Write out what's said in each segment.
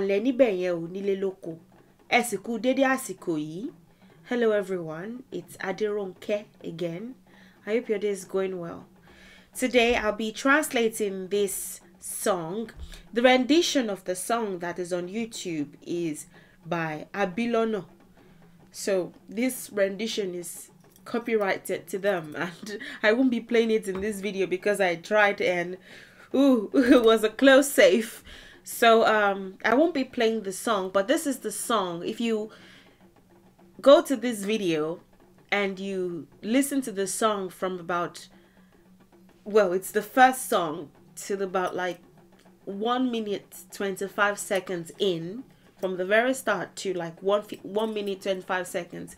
níbẹ̀ yẹn ò nílé lóko ẹ sì kú dédé àsìkò yìí. Hello everyone, it's Adironke again. I hope your day is going well. Today I'll be translating this song. The rendition of the song that is on YouTube is by Abilono. So this rendition is copyrighted to them and I won't be playing it in this video because I tried and ooh, it was a close save. So um, I won't be playing the song, but this is the song. If you go to this video and you listen to the song from about, well, it's the first song till about like 1 minute 25 seconds in from the very start to like 1, 1 minute 25 seconds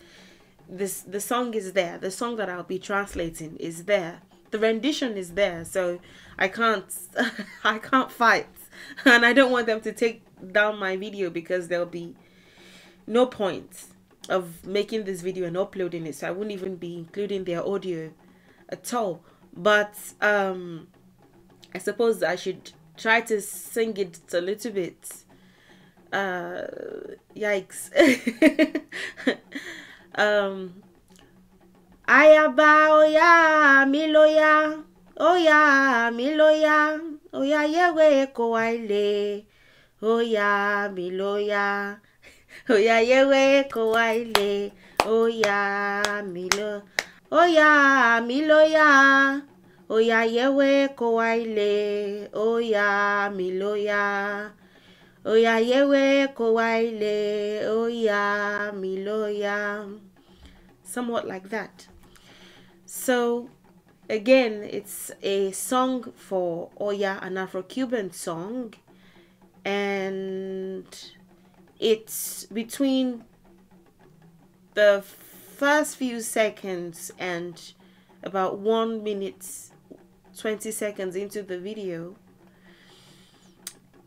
this the song is there the song that i'll be translating is there the rendition is there so i can't i can't fight and I don't want them to take down my video because there'll be no point of making this video and uploading it so I wouldn't even be including their audio at all but um I suppose I should try to sing it a little bit uh yikes um ayaba oya mi oh oya mi ya oya yewe kowaile, oya miloya. Oya yewe kowaile, oya milo. Oya miloya, oya yewe kowaile, oya miloya. Oya yewe kowaile, oya miloya. Somewhat like that. So Again, it's a song for Oya, an Afro Cuban song, and it's between the first few seconds and about one minute 20 seconds into the video.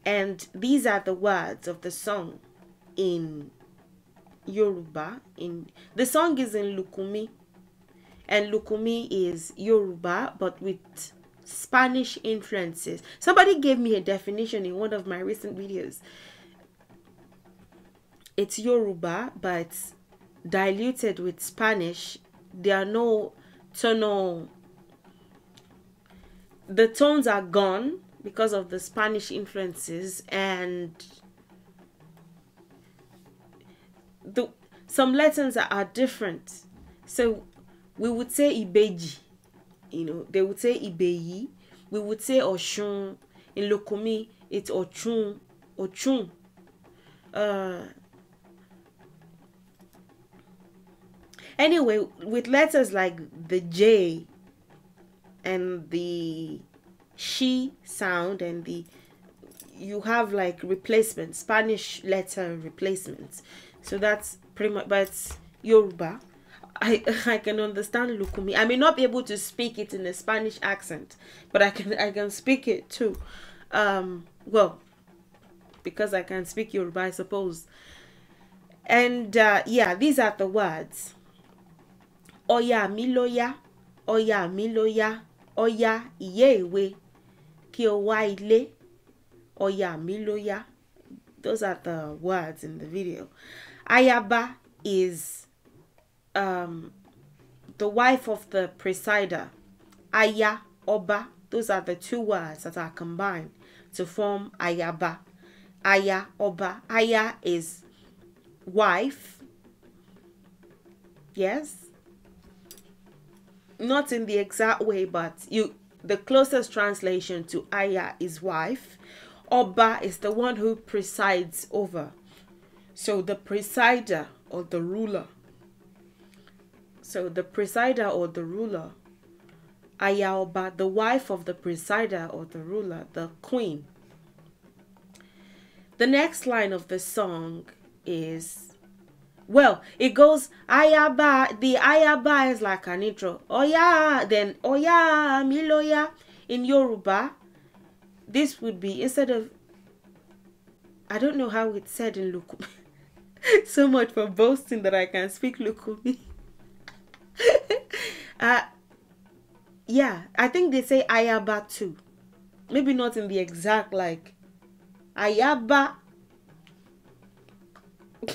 And these are the words of the song in Yoruba. In the song is in Lukumi, and Lukumi is Yoruba but with Spanish influences. Somebody gave me a definition in one of my recent videos. It's Yoruba but diluted with Spanish. There are no tonal the tones are gone because of the Spanish influences and the some letters are, are different. So we would say Ibeji, you know, they would say Ibeyi, we would say Oshun. In Lokomi, it's Ochun, Ochun. Uh, anyway, with letters like the J and the she sound and the you have like replacement Spanish letter replacements. So that's pretty much but Yoruba I I can understand Lukumi. I may not be able to speak it in a Spanish accent, but I can I can speak it too. Um, well, because I can speak Yoruba, I suppose. And uh, yeah, these are the words. Oya mi loya, oya mi loya, oya iye we, ki o wa ile, oya mi loya. Those are the words in the video. Ayaba is um, the wife of the presider, Aya, Oba. Those are the two words that are combined to form Ayaba. Aya, Oba. Aya is wife. Yes. Not in the exact way, but you the closest translation to Aya is wife. Oba is the one who presides over. So the presider or the ruler so the presider or the ruler, Ayaoba, the wife of the presider or the ruler, the queen. The next line of the song is, well, it goes Ayaba. The Ayaba is like an intro. Oh yeah, then oh yeah, miloya. In Yoruba, this would be instead of. I don't know how it's said in Lukumi. so much for boasting that I can speak Lukumi. uh, yeah, I think they say Ayaba too. Maybe not in the exact like Ayaba.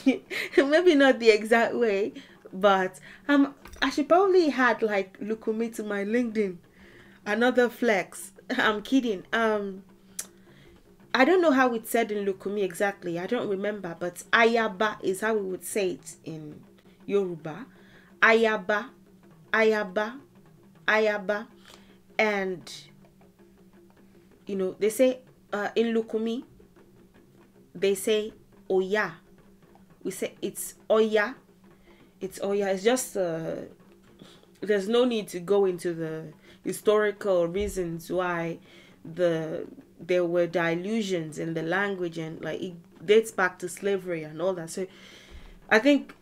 Maybe not the exact way, but um, I should probably had like Lukumi to my LinkedIn. Another flex. I'm kidding. Um, I don't know how it's said in Lukumi exactly. I don't remember, but Ayaba is how we would say it in Yoruba. Ayaba, Ayaba, Ayaba. And, you know, they say uh, in Lukumi, they say Oya. We say it's Oya. It's Oya. It's just, uh, there's no need to go into the historical reasons why the there were dilutions in the language and like it dates back to slavery and all that. So I think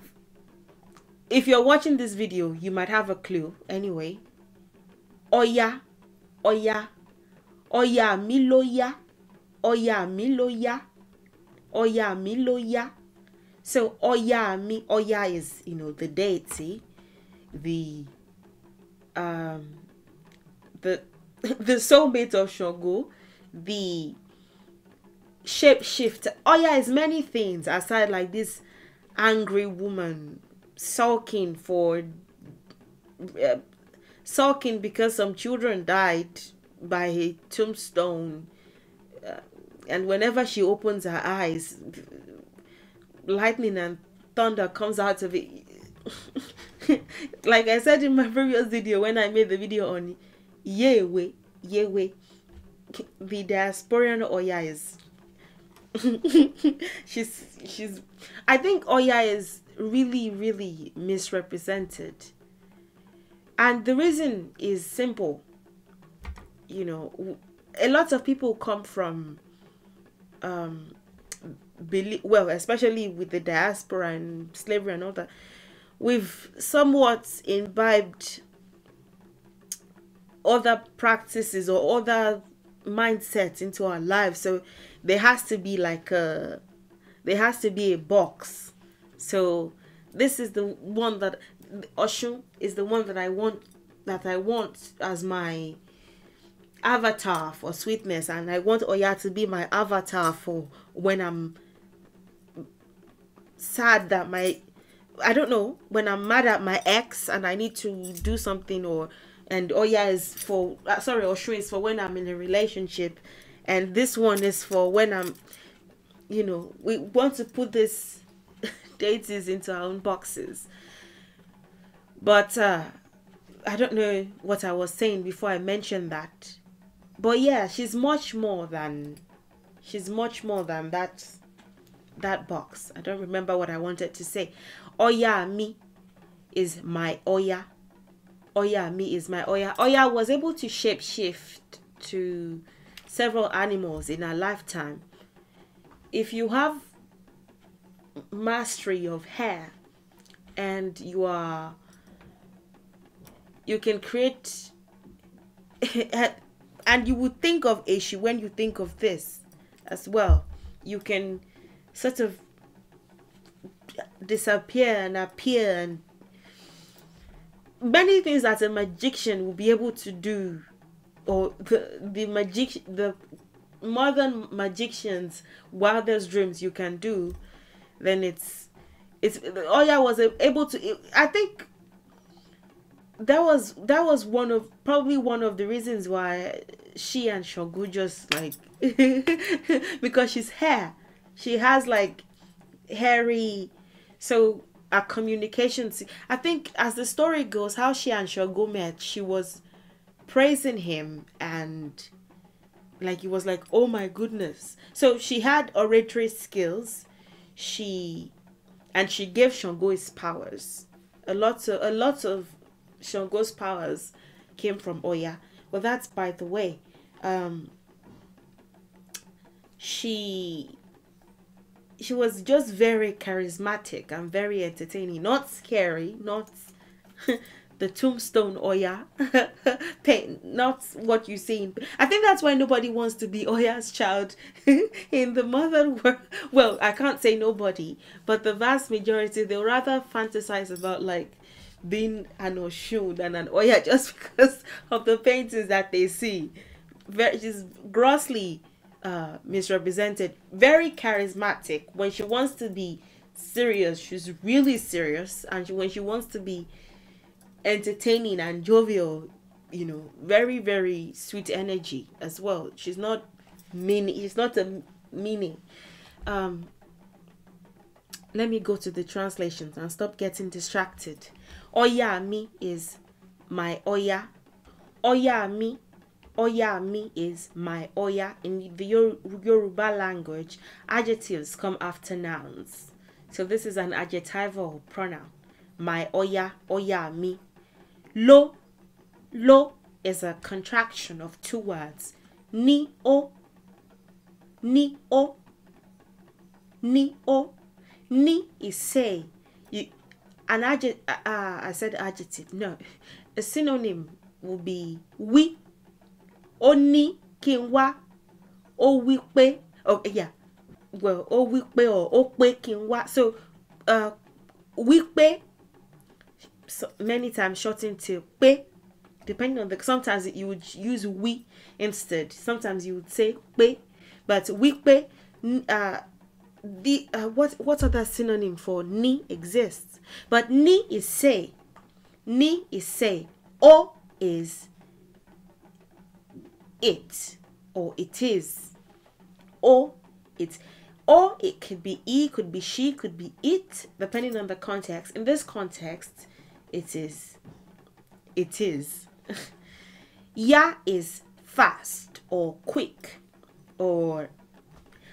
if you're watching this video, you might have a clue anyway. Oya, oya, oya mi oya mi oya mi So oya mi oya is you know the deity, the um the the soulmate of Shogo, the shapeshifter. Oya is many things aside like this angry woman sulking for uh, sulking because some children died by a tombstone uh, and whenever she opens her eyes lightning and thunder comes out of it like i said in my previous video when i made the video on yahweh yahweh the diasporian oya is she's she's i think oya is really, really misrepresented. And the reason is simple. You know, a lot of people come from, um, believe, well, especially with the diaspora and slavery and all that, we've somewhat imbibed other practices or other mindsets into our lives. So there has to be like a, there has to be a box so this is the one that Oshun is the one that I want that I want as my avatar for sweetness and I want Oya to be my avatar for when I'm sad that my I don't know when I'm mad at my ex and I need to do something or and Oya is for uh, sorry Oshun is for when I'm in a relationship and this one is for when I'm you know we want to put this deities into our own boxes. But uh, I don't know what I was saying before I mentioned that. But yeah, she's much more than she's much more than that that box. I don't remember what I wanted to say. Oya me is my Oya. Oya me is my Oya. Oya was able to shapeshift to several animals in her lifetime. If you have mastery of hair and you are you can create and you would think of Ashi when you think of this as well you can sort of disappear and appear and many things that a magician will be able to do or the the magic the modern magicians wildest dreams you can do then it's it's Oya oh was able to. I think that was that was one of probably one of the reasons why she and Shogu just like because she's hair. She has like hairy, so a communication. I think as the story goes, how she and Shogu met, she was praising him and like he was like, oh my goodness. So she had oratory skills she and she gave Shango his powers. A lot of a lot of Shango's powers came from Oya. Well, that's by the way. Um, she she was just very charismatic and very entertaining. Not scary, not the tombstone Oya oh paint, not what you see. I think that's why nobody wants to be Oya's child in the modern world. Well, I can't say nobody, but the vast majority, they rather fantasize about like being an Oshun than an Oya just because of the paintings that they see. Very, she's grossly uh, misrepresented. Very charismatic. When she wants to be serious, she's really serious. And she, when she wants to be entertaining and jovial, you know, very, very sweet energy as well. She's not mean, she's not a meaning. Um, let me go to the translations and stop getting distracted. Oya me is my oya. Oya me. Oya me is my oya. In the Yoruba language, adjectives come after nouns. So this is an adjectival pronoun. My oya, oya me. Lo, lo is a contraction of two words. Ni o, ni o, ni o. Ni is say. You, an adjective, uh, I said adjective. No, a synonym will be we. O ni kinwa. O we Oh yeah. Well, o we or o pe kinwa. So, uh, we so many times shortened to pe, depending on the. Sometimes you would use we instead. Sometimes you would say pe, but we pe. Uh, the uh, what what other synonym for ni exists? But ni is say, ni is say, o is it or it is, or it or it could be e, could be she, could be it, depending on the context. In this context, it is. It is. ya is fast or quick or.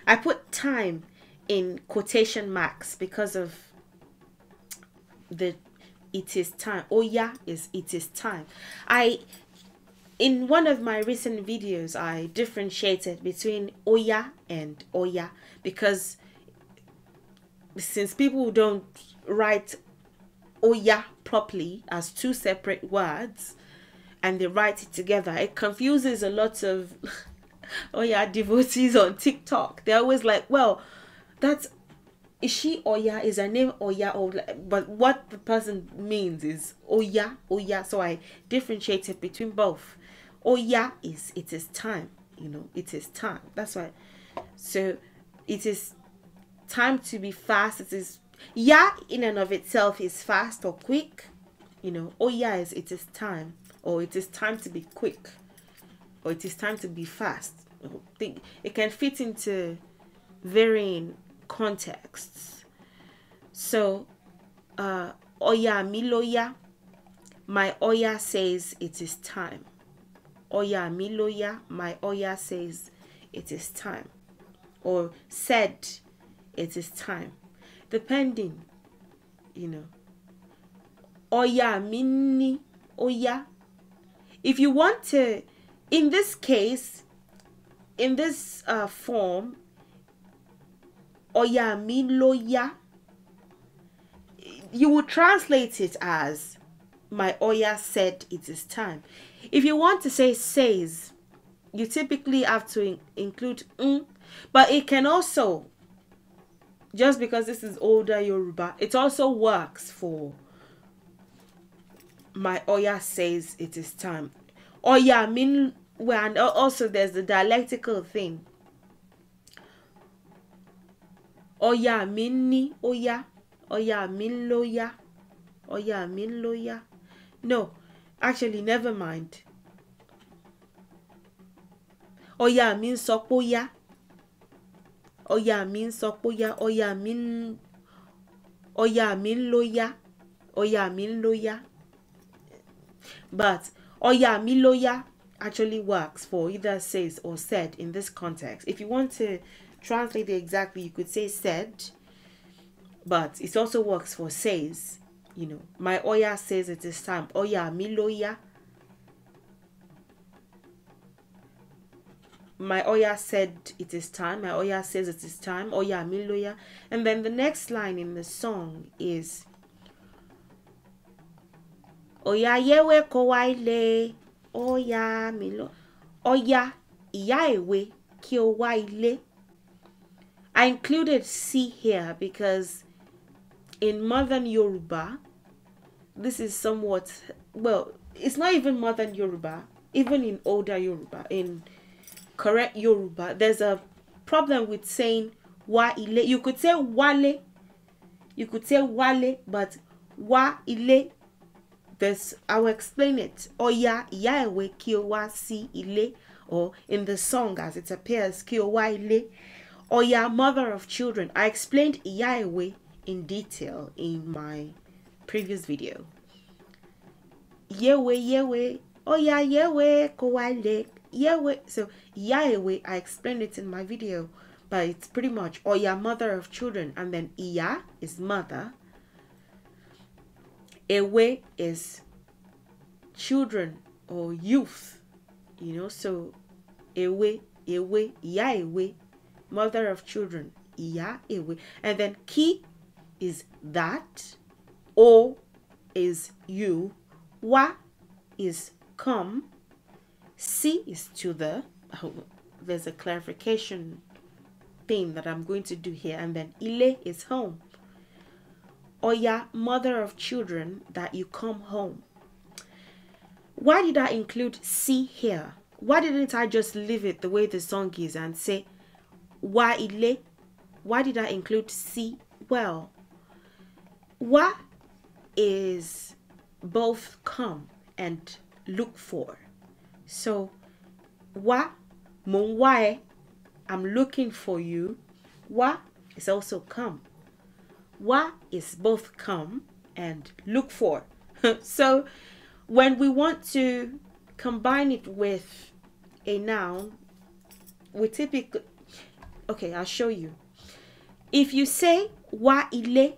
I put time in quotation marks because of the it is time. Oh, yeah, is it is time. I in one of my recent videos I differentiated between Oya oh, and Oya oh, because since people don't write Oya properly as two separate words and they write it together, it confuses a lot of Oya devotees on TikTok. They're always like, well, that's is she Oya? Is her name Oya? Or, but what the person means is Oya, Oya. So I differentiated between both. Oya is it is time, you know, it is time. That's why. So it is time to be fast. It is Ya in and of itself is fast or quick. You know, oh yes, it is time. Or it is time to be quick. Or it is time to be fast. It can fit into varying contexts. So, uh, Oya oh, Miloya, my Oya says it is time. Oya oh, Miloya, my Oya says it is time. Or said it is time depending you know oya mini oya if you want to in this case in this uh, form oya min loya you would translate it as my oya said it is time if you want to say says you typically have to in include mm, but it can also just because this is older Yoruba, it also works for my Oya says it is time. Oya I mean well, and also there's the dialectical thing. Oya minni, ni oya, oya min loya, oya min loya. No, actually, never mind. Oya min sokoya ọya mi ń sọ pé ọya mi ń ọya mi ń ló yá ọya mi ń ló yá but ọya mi ló yá actually works for either says or said in this context. If you want to translate it exactly, you could say said, but it also works for says. You know, my oya says it is time. Oya mi loya. my oya said it is time my oya says it is time oya miloya and then the next line in the song is oya yewe kowaile oya milo oya iya ewe ki o wa i included c here because in modern yoruba this is somewhat well it's not even modern yoruba even in older yoruba in correct Yoruba. There's a problem with saying wa ile. You could say wale. You could say wale, but wa ile. There's, I'll explain it. Oya ya ewe ki si ile. Or in the song as it appears, kiowa ile. Oya, mother of children. I explained ya ewe in detail in my previous video. Yewe yewe. Oya yewe ko wale Yahweh, so Yahweh, I explained it in my video, but it's pretty much or oh, your mother of children, and then Iya is mother. Ewe is children or youth, you know. So Ewe, Ewe, Iya we mother of children, Iya Ewe, and then Ki is that, O is you, Wa is come C is to the, oh, there's a clarification thing that I'm going to do here. And then Ile is home. Oya, mother of children, that you come home. Why did I include C here? Why didn't I just leave it the way the song is and say Wa Ile? Why did I include C? Well, Wa is both come and look for. So, wa, mo ń I'm looking for you. Wa is also come. Wa is both come and look for. so, when we want to combine it with a noun, we typically, okay, I'll show you. If you say wa ile,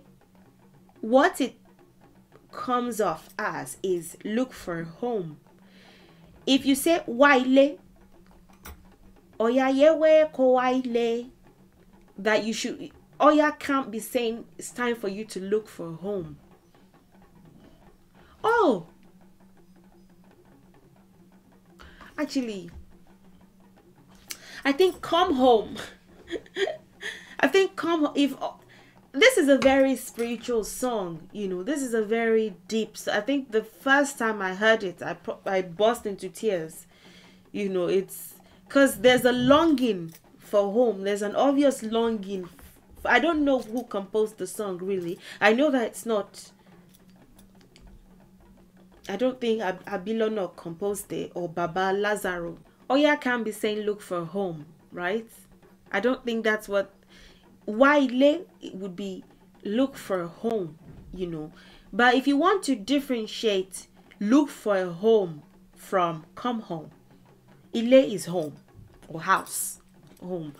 what it comes off as is look for home if you say waile, oya yewe ko waile, that you should, oya can't be saying it's time for you to look for a home. Oh, actually, I think come home. I think come if this is a very spiritual song you know this is a very deep so i think the first time i heard it i i burst into tears you know it's because there's a longing for home there's an obvious longing i don't know who composed the song really i know that it's not i don't think Ab- abilonok composed it or baba lazaro oya oh, can be saying look for home right i don't think that's what it would be look for a home, you know. But if you want to differentiate look for a home from come home, Ile is home or house, home.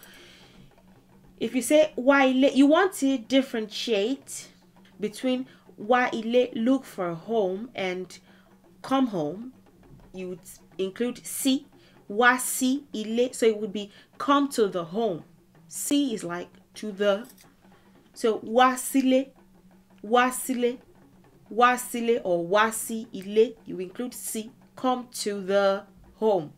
If you say Waile, you want to differentiate between Waile look for a home and come home, you would include si, si ile. So it would be come to the home. Si is like to the so wasile wasile wasile or wasi ile you include si come to the home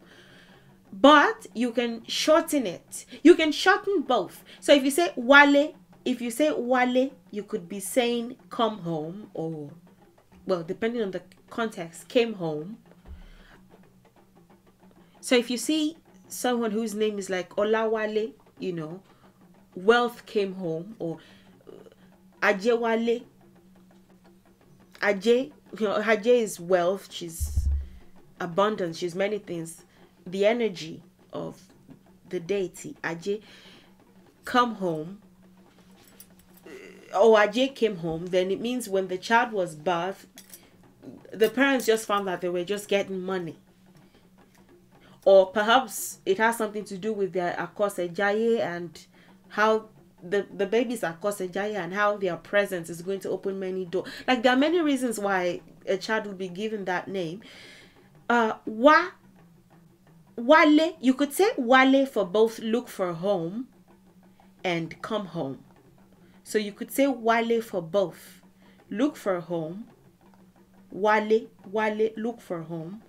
but you can shorten it you can shorten both so if you say wale if you say wale you could be saying come home or well depending on the context came home so if you see someone whose name is like olawale you know wealth came home or Ajewale. Uh, Ajay, you know, Ajay is wealth. She's abundance. She's many things. The energy of the deity Ajay come home. Uh, oh, Ajay came home. Then it means when the child was birthed, the parents just found that they were just getting money. Or perhaps it has something to do with their Akose Jaye and how the, the babies are causing jaya and how their presence is going to open many doors. Like there are many reasons why a child would be given that name. Uh, wa, wale, you could say wale for both look for home and come home. So you could say wale for both. Look for home. Wale, wale, look for home.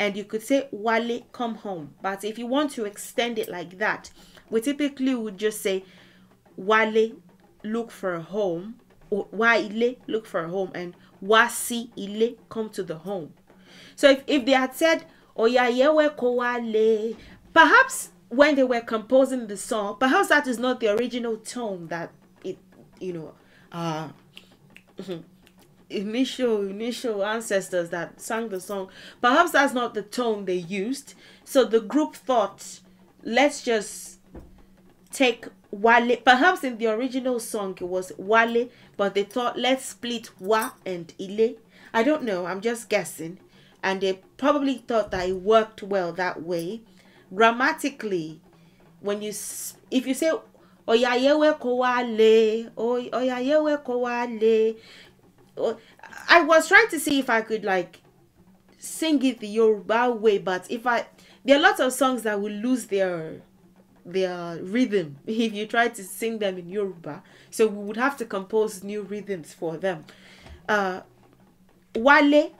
And you could say wale, come home. But if you want to extend it like that, we typically would just say wale look for a home or wale look for a home and wasi ile come to the home so if, if they had said oyayewe wale perhaps when they were composing the song perhaps that is not the original tone that it you know uh initial initial ancestors that sang the song perhaps that's not the tone they used so the group thought let's just take Wale. Perhaps in the original song it was Wale, but they thought let's split Wa and Ile. I don't know, I'm just guessing. And they probably thought that it worked well that way. Grammatically, when you if you say Oyayewe Kowale, Oyayewe Kowale, I was trying to see if I could like sing it the Yoruba way, but if I there are lots of songs that will lose their their rhythm if you try to sing them in Yoruba. So we would have to compose new rhythms for them. Uh, wale,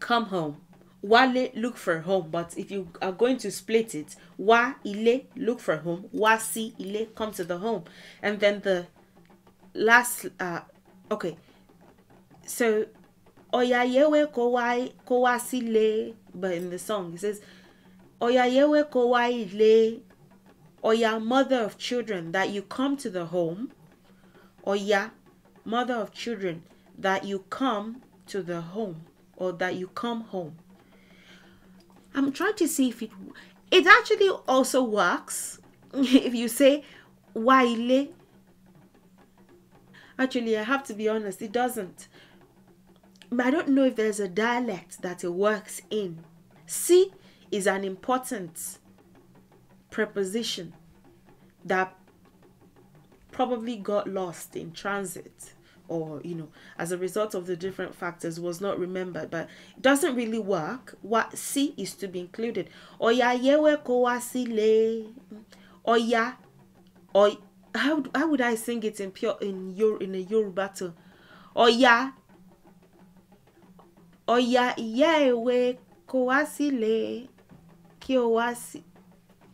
come home. Wale, look for home. But if you are going to split it, wa ile, look for home. Wa si ile, come to the home. And then the last, uh, okay. So, oya yewe kowa, kowa sile, but in the song it says, oya yewe kowa ile, Oya, mother of children, that you come to the home. Oya, mother of children, that you come to the home or that you come home. I'm trying to see if it it actually also works if you say waile. Actually, I have to be honest, it doesn't. I don't know if there's a dialect that it works in. Si is an important preposition that probably got lost in transit or you know as a result of the different factors was not remembered but it doesn't really work what c is to be included oya yewe kowasile oya or how, how would i sing it in pure in your in a yoruba tone oya oya yewe kowasile kiowasi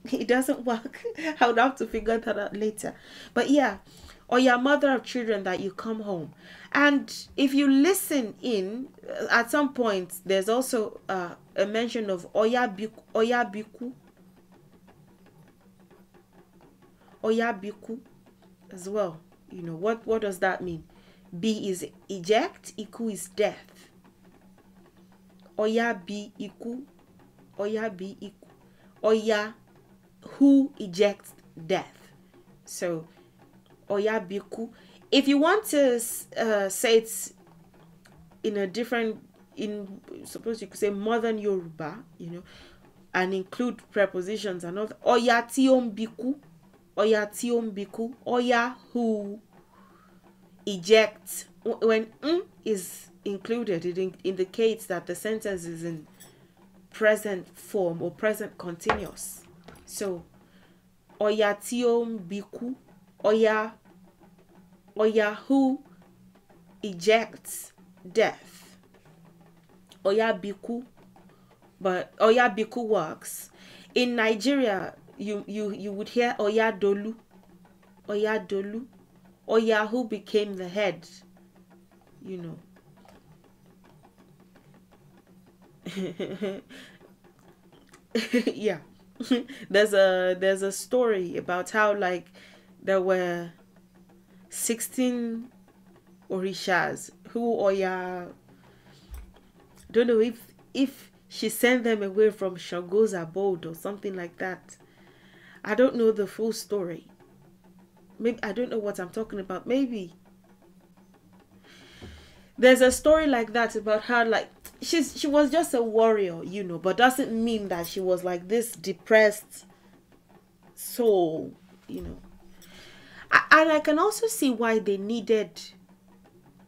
it doesn't work. I would have to figure that out later. But yeah, or your mother of children that you come home. And if you listen in, uh, at some point, there's also uh, a mention of Oyabiku. Oyabiku. Oyabiku as well. You know, what, what does that mean? B is eject, Iku is death. Oyabiku. Iku. Oyabi Iku. Oya who ejects death. So, Oyabiku. If you want to uh, say it in a different, in suppose you could say modern Yoruba, you know, and include prepositions and other. Oya ti o n biku, oya ti oya who ejects. When is included, it in indicates that the sentence is in present form or present continuous so ọya tí ń bikú ọya ọya who ejects death ọya bikú but ọya bikú works in Nigeria you you you would hear ọya dolu ọya dolu ọya who became the head you know. yeah. there's a there's a story about how like there were 16 orishas who oya oh, I don't know if if she sent them away from Shago's abode or something like that. I don't know the full story. Maybe I don't know what I'm talking about. Maybe there's a story like that about how like she's she was just a warrior, you know, but doesn't mean that she was like this depressed soul, you know. And I can also see why they needed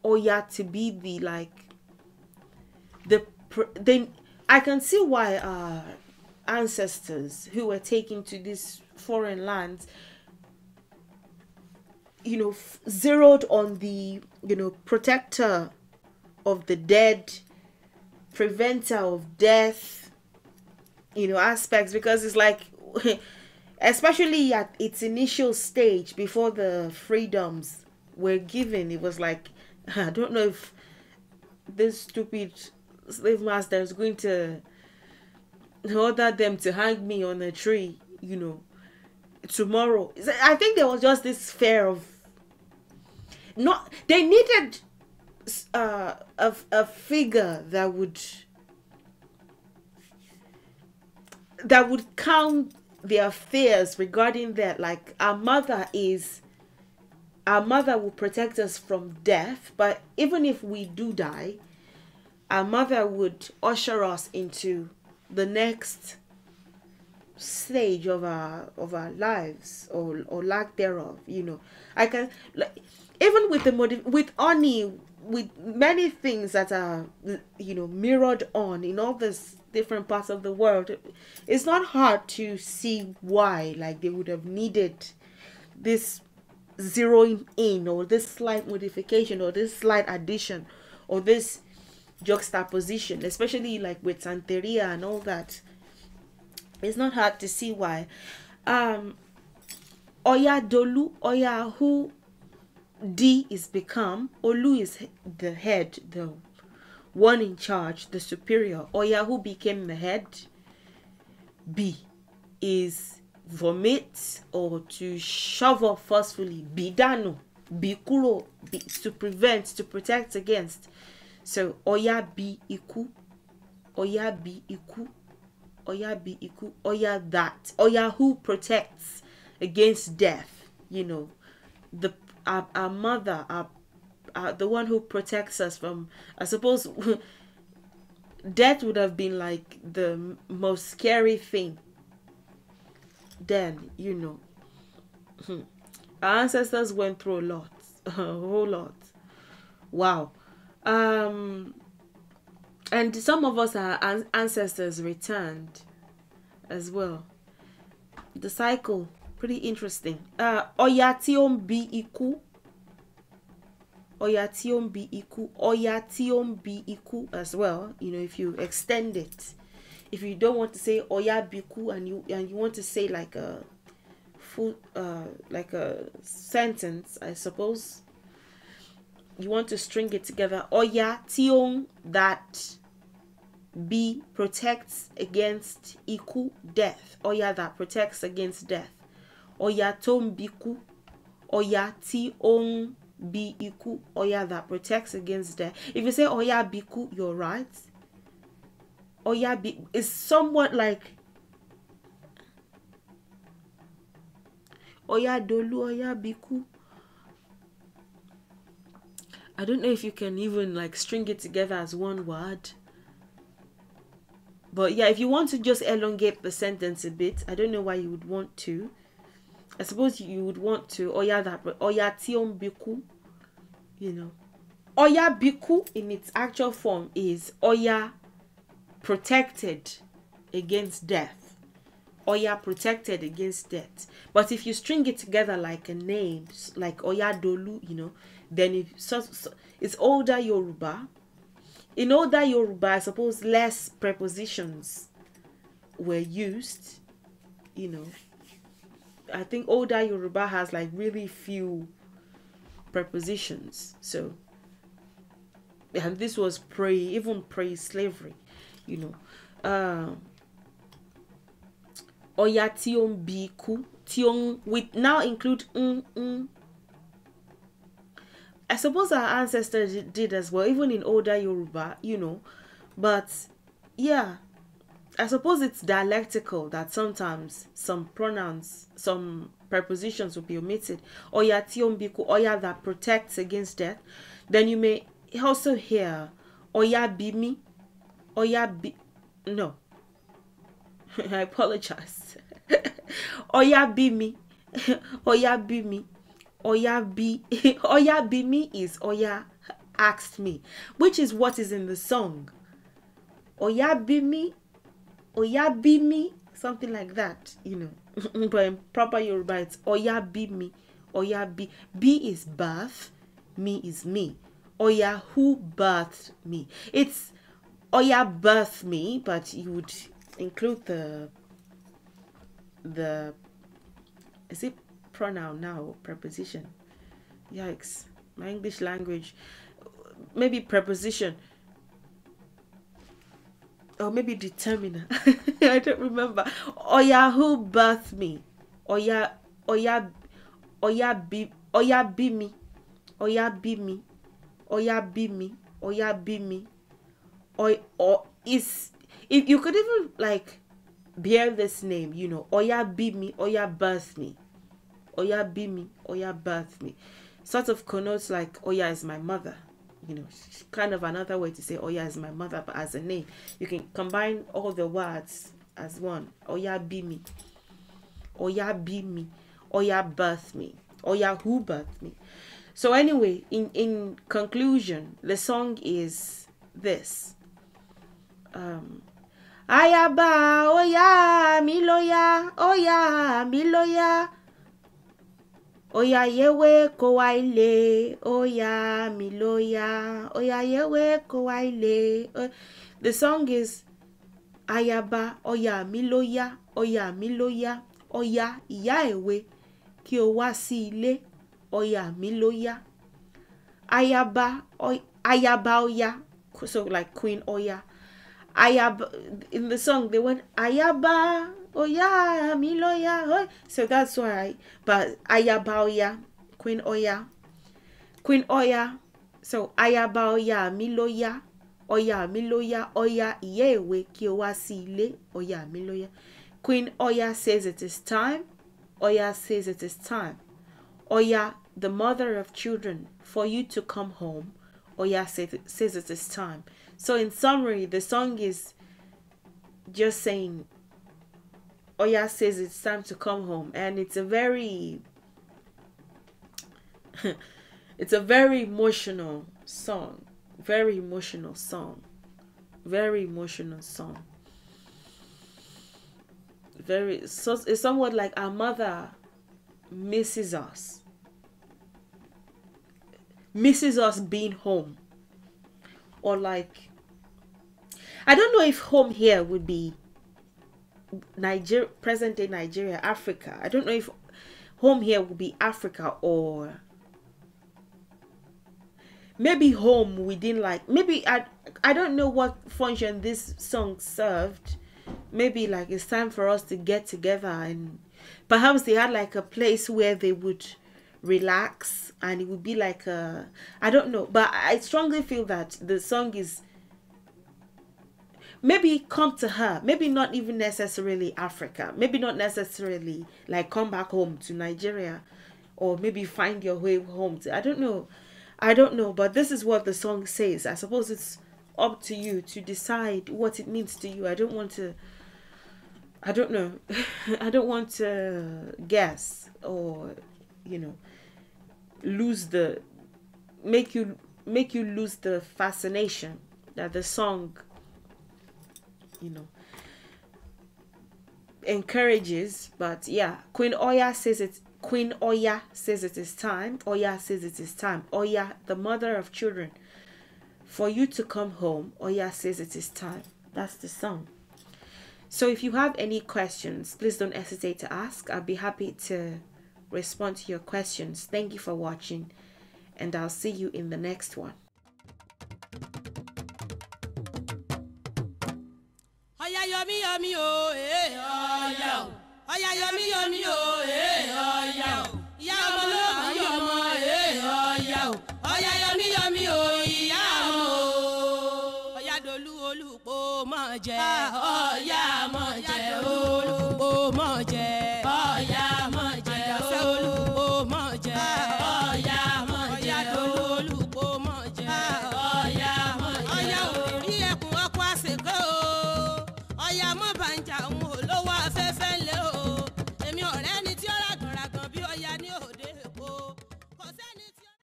Oya to be the like the they. I can see why our ancestors who were taken to these foreign lands, you know, zeroed on the you know protector of the dead preventer of death, you know, aspects because it's like, especially at its initial stage before the freedoms were given, it was like, I don't know if this stupid slave master is going to order them to hang me on a tree, you know, tomorrow. I think there was just this fear of not, they needed uh, a, a figure that would that would count their fears regarding that like our mother is our mother will protect us from death but even if we do die our mother would usher us into the next stage of our of our lives or or lack thereof you know i can like even with the motive with oni with many things that are you know mirrored on in all these different parts of the world it's not hard to see why like they would have needed this zeroing in or this slight modification or this slight addition or this juxtaposition especially like with santeria and all that it's not hard to see why um oya dolu oya who D is become, Olu is the head, the one in charge, the superior. Oya, who became the head? B is vomit or to shove off forcefully. Bidano, bikuro, B, to prevent, to protect against. So, Oya bi iku, Oya bi iku, Oya bi iku, Oya that, Oya who protects against death, you know, the our, our mother, our, our, the one who protects us from, I suppose, death would have been like the most scary thing. Then, you know, our ancestors went through a lot, a whole lot. Wow. Um, and some of us, our ancestors returned as well. The cycle pretty interesting uh, ọ̀yà tí ó ń bi ikú ọ̀yà tí ó ń bi ikú ọ̀yà tí ó ń bi ikú as well you know if you extend it if you don't want to say ọ̀yà biku and you and you want to say like a full uh, like a sentence I suppose you want to string it together ọ̀yà tí ó ń that be protects against iku death. Oya that protects against death ọya tó ọya tí ó ń bi ikú ọya that protects against death if you say ọya biku, you you're right ọya bi is somewhat like ọya dolú ọya biku. I don't know if you can even like string it together as one word. But yeah, if you want to just elongate the sentence a bit, I don't know why you would want to. I suppose you would want to Oya that Oya Tion Biku, you know. Oya Biku in its actual form is Oya protected against death. Oya protected against death. But if you string it together like a name, like Oya Dolu, you know, then if, so, so, it's older Yoruba. In older Yoruba, I suppose less prepositions were used, you know. I think older Yoruba has like really few prepositions. So, and this was pre, even pre slavery, you know. Um, oya tí ó ń bi ikú tí ó ń we now include I suppose our ancestors did as well, even in older Yoruba, you know. But yeah, I suppose it's dialectical that sometimes some pronouns, some prepositions will be omitted. Oya tiombiku, oya that protects against death. Then you may also hear oya bimi, oya bi. No. I apologize. oya bimi, oya bimi, oya bi. Oya bimi is oya asked me, which is what is in the song. Oya bimi Oyabimi, something like that, you know. but in proper Yoruba, it's Oyabimi, Oyabi. B is bath, me is me. Oya who birthed me. It's Oya birthed me, but you would include the the is it pronoun now preposition? Yikes! My English language, maybe preposition or maybe determiner. I don't remember. Oya who birthed me? Oya Oya Oya be Oya be me. Oya be me. Oya be me. Oya be me. Or or is if you could even like bear this name, you know, Oya be me, Oya birth me. Oya be me, Oya birth me. Sort of connotes like Oya is my mother you know kind of another way to say oya oh, is my mother but as a name you can combine all the words as one oya oh, be me oya oh, be me oya birth me oya who birth me so anyway in in conclusion the song is this um ayaba oya mi loya oya mi loya Oya yewe kowa ile, oya miloya, oya yewe kowa ile. The song is Ayaba, oya miloya, oya miloya, oya ìyá èwe, kí o wá sí ilé, oya miloya. Ayaba, ayaba oya, so like Queen Oya. Ayaba, in the song they went Ayaba, Oya, oh, yeah, Milo So that's why. But Ayabaoya, Queen Oya, Queen Oya. So Ayabaoya, Miloya, Oya, Miloya, Oya, Yewe, le. Oya, Miloya. Queen Oya says it is time. Oya says it is time. Oya, the mother of children, for you to come home. Oya says it is time. So in summary, the song is just saying Oya says it's time to come home, and it's a very it's a very emotional song. Very emotional song. Very emotional song. Very so it's somewhat like our mother misses us. Misses us being home. Or like I don't know if home here would be Niger present day Nigeria, Africa. I don't know if home here will be Africa or maybe home within like maybe I I don't know what function this song served. Maybe like it's time for us to get together and perhaps they had like a place where they would relax and it would be like a I don't know, but I strongly feel that the song is maybe come to her maybe not even necessarily africa maybe not necessarily like come back home to nigeria or maybe find your way home to i don't know i don't know but this is what the song says i suppose it's up to you to decide what it means to you i don't want to i don't know i don't want to guess or you know lose the make you make you lose the fascination that the song you know encourages but yeah queen oya says it queen oya says it is time oya says it is time oya the mother of children for you to come home oya says it is time that's the song so if you have any questions please don't hesitate to ask i'll be happy to respond to your questions thank you for watching and i'll see you in the next one yọmí o ee eh, ọ̀yà o ọ̀yà yọmí yọmí o ee eh, ọ̀yà o ìyá ọmọ ló máa yọ ọmọ